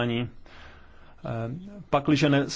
jednání. Eh, Pakliže ne,